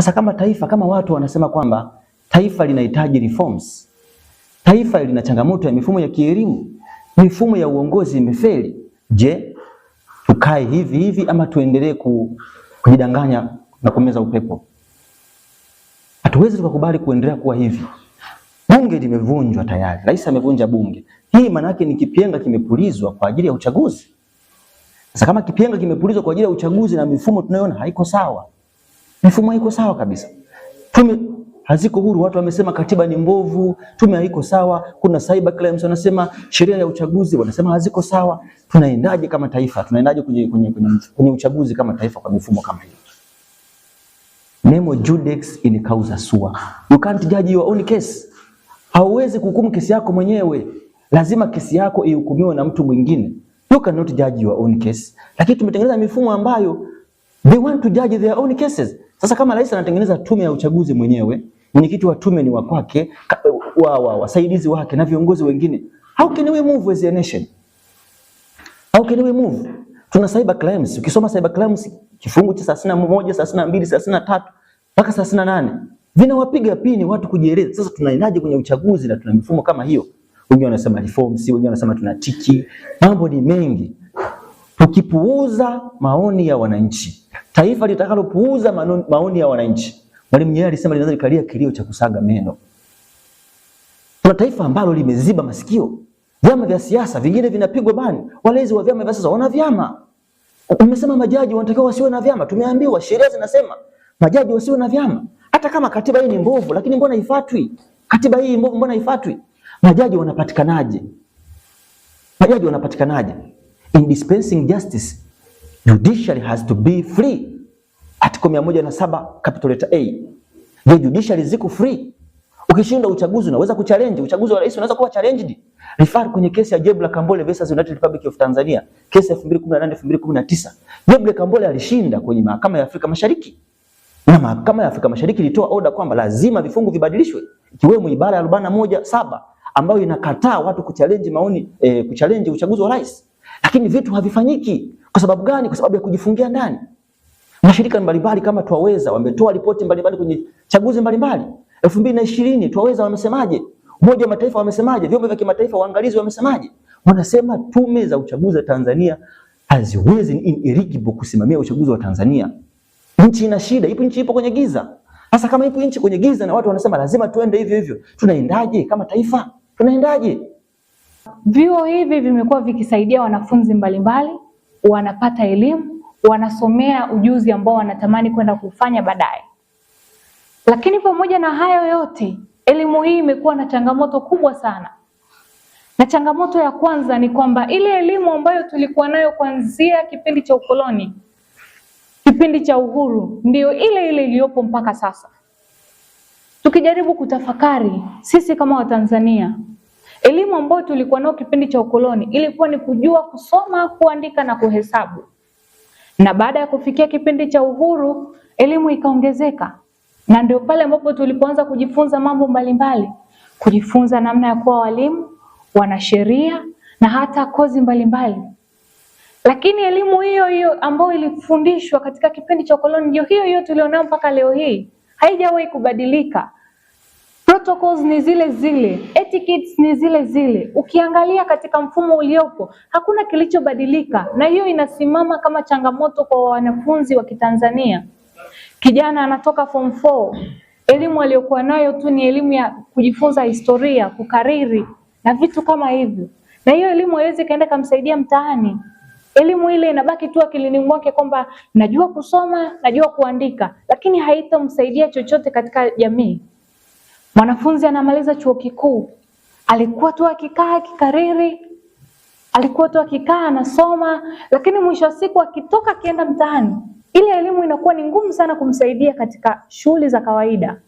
Sasa kama taifa, kama watu wanasema kwamba taifa linahitaji reforms, taifa lina changamoto ya mifumo ya kielimu, mifumo ya uongozi imefeli, je, tukae hivi hivi ama tuendelee kujidanganya na kumeza upepo? Hatuwezi tukakubali kuendelea kuwa hivi. Bunge limevunjwa tayari, rais amevunja bunge. Hii maana yake ni kipenga kimepulizwa kwa ajili ya uchaguzi. Sasa kama kipenga kimepulizwa kwa ajili ya uchaguzi na mifumo tunayoona haiko sawa Mifumo haiko sawa kabisa, tume haziko huru. Watu wamesema katiba ni mbovu, tume haiko sawa, kuna cyber crimes, wanasema sheria ya uchaguzi, wanasema haziko sawa. Tunaendaje kama taifa? Tunaendaje kwenye, kwenye, kwenye uchaguzi kama taifa kwa mifumo kama hiyo? Nemo judex in causa sua, you can't judge your own case. Hauwezi kuhukumu kesi yako mwenyewe, lazima kesi yako ihukumiwe na mtu mwingine. You cannot judge your own case, lakini tumetengeneza mifumo ambayo They want to judge their own cases. Sasa kama rais anatengeneza tume ya uchaguzi mwenyewe, mwenyekiti wa tume ni wa kwake, wa wa wasaidizi wake na viongozi wengine. How can we move as a nation? How can we move? Tuna cyber crimes. Ukisoma cyber crimes kifungu cha 31, 32, 33 mpaka 38 vinawapiga pini watu kujieleza. Sasa tunaendaje kwenye uchaguzi na tuna mifumo kama hiyo? Wengine wanasema reforms, wengine wanasema tunatiki. Mambo ni mengi. Tukipuuza maoni ya wananchi taifa litakalopuuza maoni ya wananchi. Mwalimu Nyerere alisema linaweza likalia kilio cha kusaga meno. Tuna taifa ambalo limeziba masikio, vyama vya siasa vingine vinapigwa bani, walezi wa vyama vya siasa wana vyama. Umesema majaji wanatakiwa wasiwe na vyama, tumeambiwa sheria zinasema majaji wasiwe na vyama. Hata kama katiba hii ni mbovu, lakini mbona haifuatwi? Katiba hii mbovu, mbona haifuatwi? Majaji wanapatikanaje? Majaji wanapatikanaje? In dispensing justice Judiciary has to be free. Article 107 capital letter A. Je, judiciary ziko free? Ukishinda uchaguzi unaweza kuchallenge, uchaguzi wa rais unaweza kuwa challenged. Refer kwenye kesi ya Jebla Kambole versus United Republic of Tanzania, kesi ya 2018 2019. Jebla Kambole alishinda kwenye mahakama ya Afrika Mashariki. Na mahakama ya Afrika Mashariki ilitoa order kwamba lazima vifungu vibadilishwe, ikiwemo ibara ya 41 saba ambayo inakataa watu kuchallenge maoni, eh, kuchallenge uchaguzi wa rais. Lakini vitu havifanyiki. Kwa sababu gani? Kwa sababu ya kujifungia ndani. Mashirika mbalimbali kama Twaweza wametoa ripoti mbalimbali kwenye chaguzi mbalimbali. 2020 Twaweza wamesemaje? Umoja wa Mataifa wamesemaje? Vyombo vya kimataifa waangalizi wamesemaje? Wanasema tume za uchaguzi wa Tanzania haziwezi ineligible kusimamia uchaguzi wa Tanzania. Nchi ina shida, ipo nchi ipo kwenye giza. Sasa kama ipo nchi kwenye giza na watu wanasema lazima tuende hivyo hivyo, tunaendaje kama taifa? Tunaendaje? Vyuo hivi vimekuwa vikisaidia wanafunzi mbalimbali wanapata elimu, wanasomea ujuzi ambao wanatamani kwenda kufanya baadaye. Lakini pamoja na hayo yote, elimu hii imekuwa na changamoto kubwa sana, na changamoto ya kwanza ni kwamba ile elimu ambayo tulikuwa nayo kuanzia kipindi cha ukoloni, kipindi cha uhuru, ndiyo ile ile iliyopo mpaka sasa. Tukijaribu kutafakari sisi kama Watanzania Elimu ambayo tulikuwa nayo kipindi cha ukoloni ilikuwa ni kujua kusoma, kuandika na kuhesabu, na baada ya kufikia kipindi cha uhuru elimu ikaongezeka, na ndio pale ambapo tulipoanza kujifunza mambo mbalimbali mbali. Kujifunza namna ya kuwa walimu, wanasheria na hata kozi mbalimbali mbali. Lakini elimu hiyo hiyo ambayo ilifundishwa katika kipindi cha ukoloni ndio hiyo hiyo tulionayo mpaka leo hii, haijawahi kubadilika. Protocols ni zile zile, etiquettes ni zile zile. Ukiangalia katika mfumo uliopo hakuna kilichobadilika, na hiyo inasimama kama changamoto kwa wanafunzi wa Kitanzania. Kijana anatoka form 4, elimu aliyokuwa nayo tu ni elimu ya kujifunza historia, kukariri na vitu kama hivyo, na hiyo elimu haiwezi kaenda kumsaidia mtaani. Elimu ile inabaki tu akilini mwake kwamba najua kusoma, najua kuandika, lakini haitamsaidia chochote katika jamii. Mwanafunzi anamaliza chuo kikuu, alikuwa tu akikaa akikariri, alikuwa tu akikaa anasoma, lakini mwisho wa siku akitoka akienda mtaani, ile elimu inakuwa ni ngumu sana kumsaidia katika shughuli za kawaida.